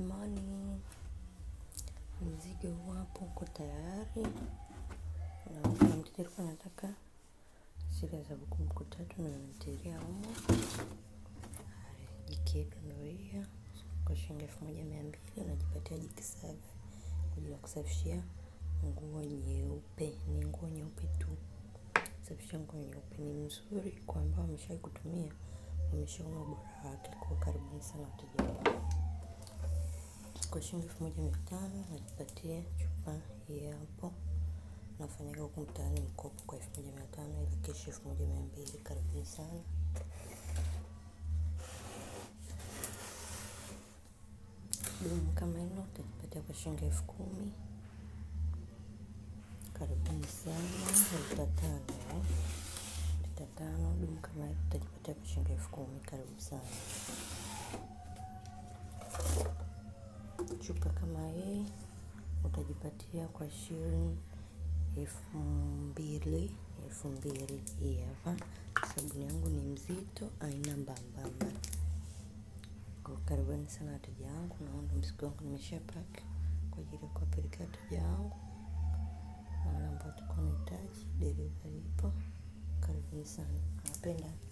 morning. Mzigo wapo uko tayari, na mteja alikuwa anataka zile za buku buku tatu, na nimemtiria humo jiki kwa shilingi elfu moja mia mbili unajipatia jiki safi kwa ya kusafishia nguo nyeupe. Ni nguo nyeupe tu, safishia nguo nyeupe. Ni mzuri kwa ambao wameshai kutumia, wameshaona ubora wake. Kwa karibuni sana wateja kwa shilingi elfu moja mia tano najipatia chupa hii hapo. Nafanyika huku mtaani mkopo kwa elfu moja mia tano kesho elfu moja mia mbili Karibuni sana. Dumu kama hilo utajipatia kwa shilingi elfu kumi Karibuni sana. Lita tano lita tano, dumu kama hilo utajipatia kwa shilingi elfu kumi Karibu sana. chupa kama hii utajipatia kwa shilingi elfu mbili elfu mbili hii hapa. Sabuni yangu ni mzito, aina mbambamba. Karibuni sana wateja wangu, naona mzigo wangu nimesha paki kwa ajili ya kuwapelekea wateja wangu wale ambao tuko nahitaji. Delivery ipo, karibuni sana, napenda